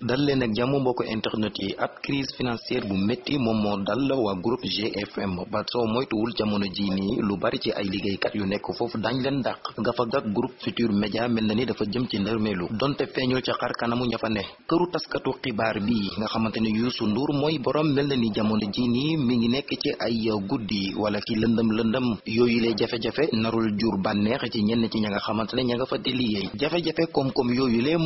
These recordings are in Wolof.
dal leen ak jàmm mbokk internet yi ab crise financière bu métti moom moo dal waa groupe GFM ba soo moytuwul jamono ji nii lu bari ci ay liggéeykat yu nekk foofu dañ leen dàq gafaga groupe Futurs Médias mel na ni dafa jëm ci ndërmeelu donte feeñul ca xar kanamu ña fa ne këru taskatu xibaar bi nga xamante ne Youssou Ndour mooy borom mel na ni jamono ji nii mi ngi nekk ci ay guddi wala ci lëndëm lëndëm yooyu lee jafe-jafe narul jur bànneex ci ñenn ci ña nga xamante ne ña nga fa di liggéey jafe-jafe koom-koom yooyu lee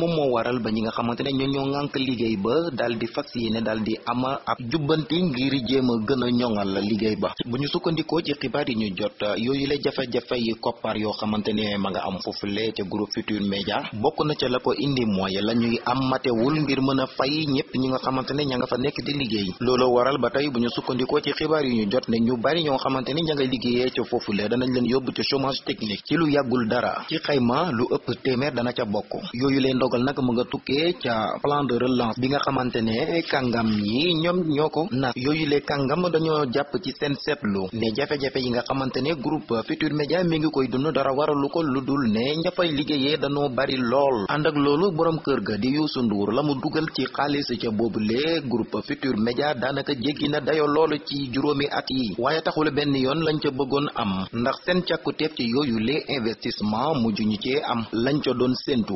sànq liggéey ba daal di fas a gën a ñoŋal liggéey ba bu ñu sukkandikoo ci xibaar yi ñu jot yooyu la jafe-jafe yi koppar yoo xamante ne ma nga am foofule ca groupe Futur Media bokk na ca la ko indi mooy la ñuy am matewul ngir mën a fay ñëpp ñi nga xamante ne ña nga fa nekk di liggéey loolu waral ba tey bu ñu sukkandikoo ci xibaar yi ñu jot ne ñu bari ñoo xamante ne ña nga liggéeyee ca foofule danañ leen yóbbu ca chômage technique ci lu yàggul dara ci ma lu ëpp téeméer dana ca bokk yooyu leen ndogal nag mu nga tukkee ca plan de relance bi nga xamante ne kàngam yi ñoom ñoo ko na yooyu le kàngam dañoo jàpp ci seen seetlu ne jafe-jafe yi nga xamante ne groupe Futur Média mi ngi koy dund dara waralu ko lu dul ne ña fay liggéeyee dañoo bari lool ànd ak loolu boroom kër ga di Youssou Ndour la mu dugal ci xaalis ca lee groupe Futur Média daanaka jéggi na dayo lool ci juróomi at yi waaye taxul benn yoon lañ ca bëggoon am ndax seen càkkuteef ci yooyu le investissement mujj cee am lañ ca doon séentu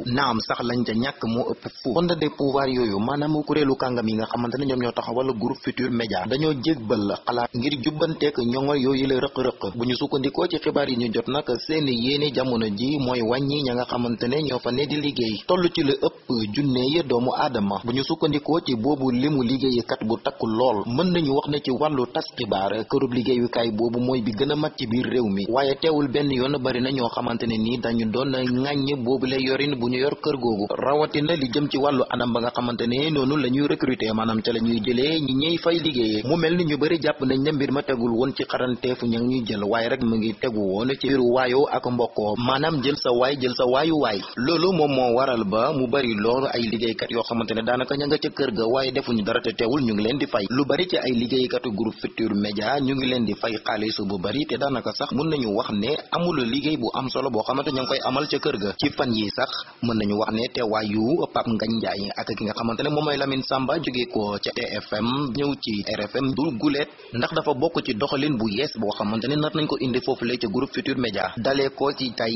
yooyu maanaam kuréelu kàngam yi nga xamante ne ñoom ñoo taxawal groupe Futurs Médias dañoo jégbal xalaat ngir jubbanteek ñoŋo yooyu la rëq-rëq bu ñu sukkandikoo ci xibaar yi ñu jot nag seen yéene jamono ji mooy wàññi ña nga xamante ne ñoo fa ne di liggéey toll ci la ëpp junne yi doomu aadama bu ñu sukkandikoo ci boobu limu liggéeykat bu takku lool mën nañu wax ne ci wàllu tas xibaar këru liggéeyukaay boobu mooy bi gën a mag ci biir réew mi waaye teewul benn yoon bari na ñoo xamante ne nii dañu doon ŋàññ boobu lay yorin bu ñu yor kër googu xamante ma tegul woon ci xaranteefu ña ngi ñuy jël waaye rek mu sa waay jël sa waayu waay loolu moom moo waral ba mu bari loolu ay liggéeykat yoo xamante ne daanaka ña nga ca kër ga waaye defuñu dara te teewul ñu ngi leen di fay lu bari ci ay liggéeykatu groupe Futurs Médias ñu ngi leen di fay xaalis bu bari te daanaka sax mën nañu wax ne amul liggéey bu am solo boo xamante ña ngi koy amal ca kër ga ci fan yi sax mën nañu wax ne teewaayu Pape Ngagne Ndiaye ak nga xamante ne moom mooy Lamine Samba jógee ko ca TFM ñëw ci RFM du guleet ndax dafa bokk ci doxalin bu yees boo xamante ne nar nañ ko indi foofu la ca groupe Futur Média dalee ko ci tay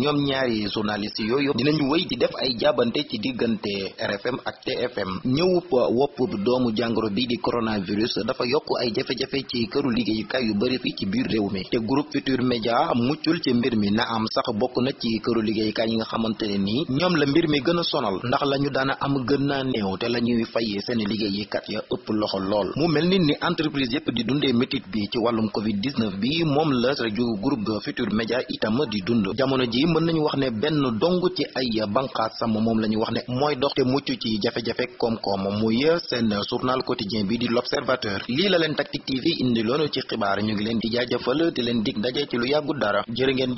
ñoom ñaari journaliste yooyu dinañu wéy di def ay jaabante ci diggante RFM ak TFM ñëwup wopp doomu jàngoro bi di coronavirus dafa yokk ay jafe-jafe ci këru liggéeyukaay yu bari fii ci biir réew mi te groupe Futur Média muccul ci mbir mi na am sax bokk na ci këru liggéeyukaay yi nga xamante ne nii ñoom la mbir mi gën a sonal a néew te la ñuy fayee seeni liggéeykat ya ëpp loxo lool mu mel ni ni entreprise yépp di dundee métit bi ci wàllum covid 19 bi moom la rajo groupe Futur Média itam di dund jamono ji mën nañu wax ne benn dong ci ay ya banqaasam moom la ñu wax ne mooy dox te mucc ci jafe-jafe koom-koom muy seen journal quotidien bi di l'observateur lii la leen Tactic TV indi loonu ci xibaar ñu ngi leen di jaajëfal te leen dig daje ci lu yàggu dara jërë ngeen